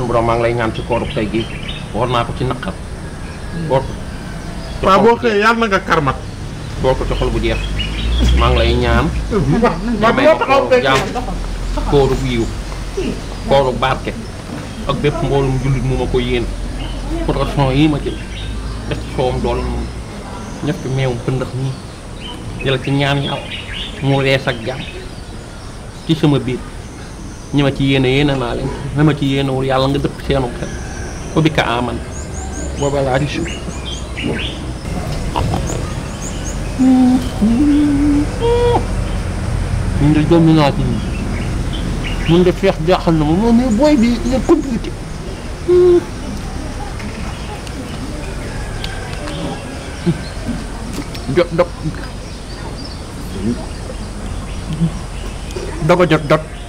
suñu borom maa lay ñaan ci kooru tey gi waxoon naa ko ci naqar. boo ko waaw boo xëyee boo ko ci xol bu jeex maa ngi lay ñaan. nga may ko kooru jàmm kooru kooru barke. ak bépp mboolum jullit mu ma ko yéen. protection yi ma jël def ci soowam meewum pëndax nii jël ci ñaan yàlla mu rees ak jàmm ci sama biir. ñi ma ci yéene yéene naa leen ñi ma ci yéenewul yàlla nga dëpp seenu xel ko bi ka aman booba laa riche ñun de ma moom mais jot doga jot dot